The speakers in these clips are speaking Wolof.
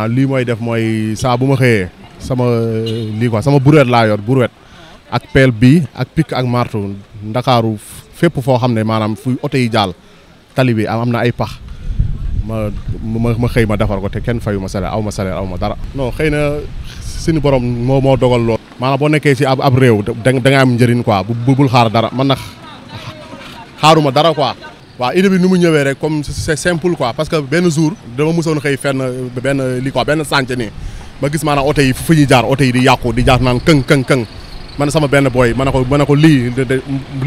Ah, lii mooy def mooy saa bu ma xëyee sama euh, lii quoi sama brouette laa yor brouette ak peel bii ak pikk ak marto ndakaaru fépp foo xam ne maanaam fuy oto yi jaal tali bi am na ay pax ma ma ma xëy ma defar ko te kenn fayu ma salaire aw ma salaire aw ma dara. non xëy na suñu borom moo moo dogal lool. maanaam boo nekkee ci ab ab réew da nga am njëriñ quoi bu bul xaar dara man nag. xaaruma dara quoi waaw idée bi ni mu ñëwee rek comme c'est simple quoi parce que benn jour dama mosoon xëy fenn benn li quoi benn sànc nii ma gis maanaam oto yi fu ñu jaar oto yi di yàqu di jaar naan këng këng këng man sama benn booy ma ne ko ma ne ko lii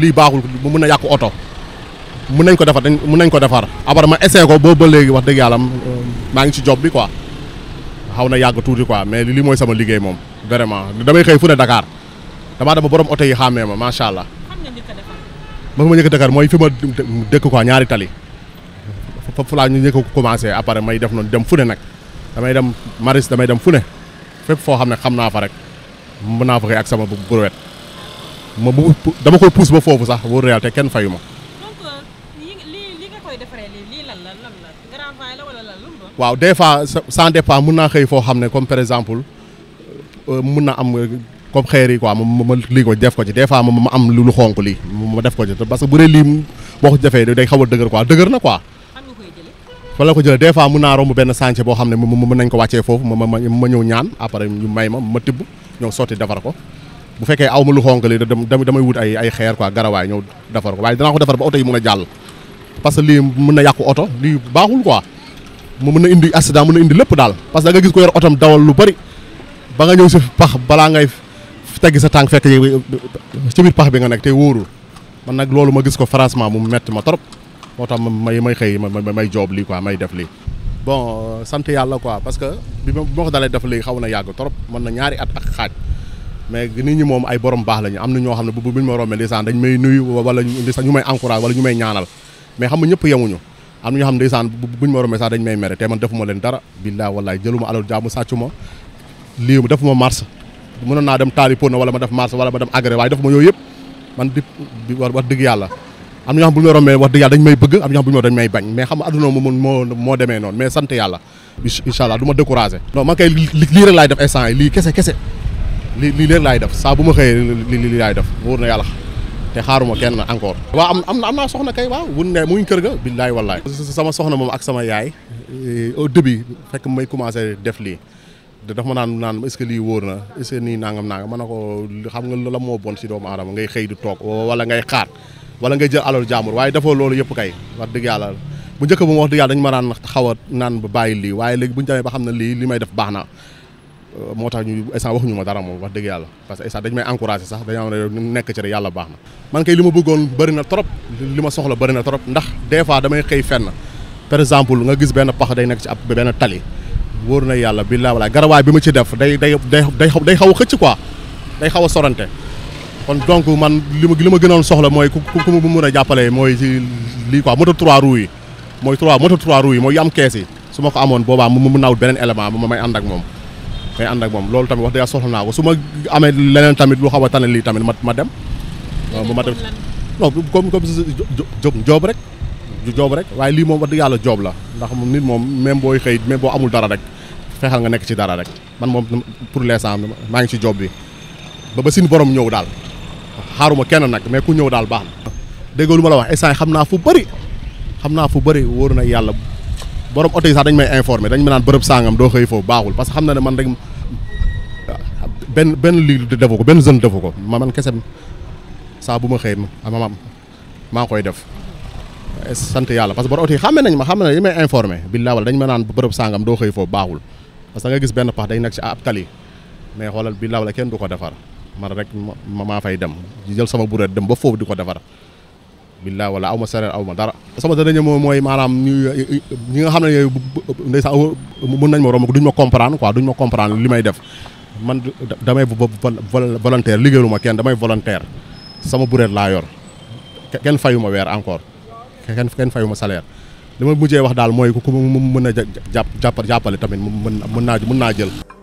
lii baaxul mën a yàqu oto mun nañ ko defar dañ mun nañ ko defar après ma essayé ko boobu ba léegi wax dëgg yàlla euh, maa ngi ci job bi quoi xaw na yàgg tuuti quoi mais li mooy sama liggéey moom damay xëy fu ne Dakar damaa dama borom oto yi xàmmee ma macha allah. ma njëkk Dakar mooy fi ma dëkk quoi ñaari tali foofu laa ñu njëkk commencé après may def noonu dem fu ne nag damay dem maris damay dem fu ne fépp foo xam ne xam naa fa rek mun naa fa ak sama brouette ma bu dama koy pousse ba foofu sax wóor na kenn fayu ma. waaw des fois sans dépend mun naa xëy foo xam ne comme par exemple euh, mun na am comme xeer yi quoi ma ma lii ko def ko ci des fois ma ma am lu xonk lii ma def ko ci parce que bu dee lii boo ko defee day xaw a dëgër quoi dëgër na quoi. fa la may ma ma tibb ñëw sotti defar ko bu fekkee aw ma lu xonk lii damay wut ay ay xeer quoi garawaay ñëw defar ko waaye danaa ko defar ba oto yi mun a jàll parce que lii mën na yàqu oto lii baaxul quoi mu mën na indi accident mën na indi lépp daal parce que da nga gis ko yor otom dawal lu bari ba nga ñëw teggi sa tànk fekk ci biir pax bi nga nekk te wóorul man nag loolu ma gis ko franchement mu metti ma trop moo tax may may xëy may joob lii quoi may def lii bon euh, sant yàlla quoi parce que bi ma ko dalee def léegi xaw na yàgg trop mën na ñaari at ak xaaj mais nit moom ay borom baax lañu am na ñoo xam ne bu buñ ma rombee ndeysaan dañ may nuyu wala ndeysaan ñu may encourage wala ñu may ñaanal mais xam nga ñëpp yemuñu am na ñoo xam ne ndeysaan buñ ma rombee sax dañ may mere te man defuma leen dara billaa wallaay jëluma alal jaamu sàccu ma lii defuma mars mënoon naa dem taali pona wala ma def marché wala ma dem agré waaye def ma yooyu yëpp man di war wax dëgg yàlla am na ñoo xam bu ñu rombee wax dëgg yàlla dañ may bëgg am na ñoo xam bu ñu dañ may bañ mais xam mo moo moo demee noonu mais sant yàlla incha allah du ma découragé non man kay lii rek laay def instant lii kese kese lii lii rek laay def saa bu ma xëyee lii lii laay def wóor na yàlla te xaaruma kenn encore waaw am am am naa soxna kay waaw wun ne mu ngi kër ga billaay wallaay sama soxna moom ak sama yaay au début fekk may commencé def lii daf ma naan naan est-ce que lii wóor na est-ce que nii nangam nangam man na ko xam nga la moo bon si doomu aadama ngay xëy di toog wala ngay xaar wala ngay jël alal jàmbur waaye dafa loolu yëpp kay wax dëgg yàlla bu njëkk bu ma wax dëgg yàlla dañu ma naan xaw a naan ba bàyyi lii waaye léegi bu ñu demee ba xam ne lii li may def baax na moo tax ñu instant waxuñu ma dara moom wax dëgg yàlla parce que instant dañu may encouragé sax dañoo nekk ci rek na man kay li ma na trop li ma soxla bëri na trop ndax des fois damay xëy fenn par exemple nga gis benn pax day nekk ci ab tali wóor na yàlla billaa wala garawaay bi ma ci def day day day day xaw a xëcc quoi day xaw a sorante kon donc man li ma li ma gënoon soxla mooy ku ku mu mën a jàppale mooy ci lii quoi moto trois roues yi mooy trois moto yi mooy am kees yi su ma ko amoon boobaa mu mun naa wut beneen élément bu ma may ànd ak moom may ànd ak moom loolu tamit wax dëgg soxla naa ko su ma amee leneen tamit lu xaw a tane lii tamit ma ma dem. ma dem non comme comme Diop rek. du joob rek waaye lii moom wax dëgg yàlla joob la ndax moom nit moom même booy xëy même boo amul dara rek fexeel nga nekk ci dara rek man moom pour l'instant maa ngi ci joob bi ba ba sin boroom ñëw daal xaaruma kenn nag mais ku ñëw daal baax na déggoo lu ma la wax instant xam naa fu bari xam naa fu bari wóor na yàlla borom oto yi sax dañ may informé dañ ma naan bërëb sangam doo xëy foofu baaxul parce que xam na ne man rek benn benn lii defu ko benn jeune defu ko ma man kese saa bu ma xëy ma maa koy def sant yàlla parce que borom oto yi xàmme nañ ma xàmme nañ li may informé billaa wala dañ ma naan bërëb sàngam gis benn pax dañ nekk ci tali mais xoolal billaa wala kenn du ko defar man rek ma maa fay dem jël sama bureet dem ba foofu di ko defar billaa wala aw ma sereer aw ma dara sama danañu moom mooy maanaam ñi nga xam ne yooyu ndeysaan mën nañ ma romb duñ ma comprendre ko duñ ma comprendre li may def man damay volontaire liggéeylu ma kenn damay volontaire sama bureet laa yor kenn fayu ma weer encore kenn kenn fayu ma salaire li wax daal mooy ku ko mën a jàpp jàppale tamit mën mën naa mën naa jël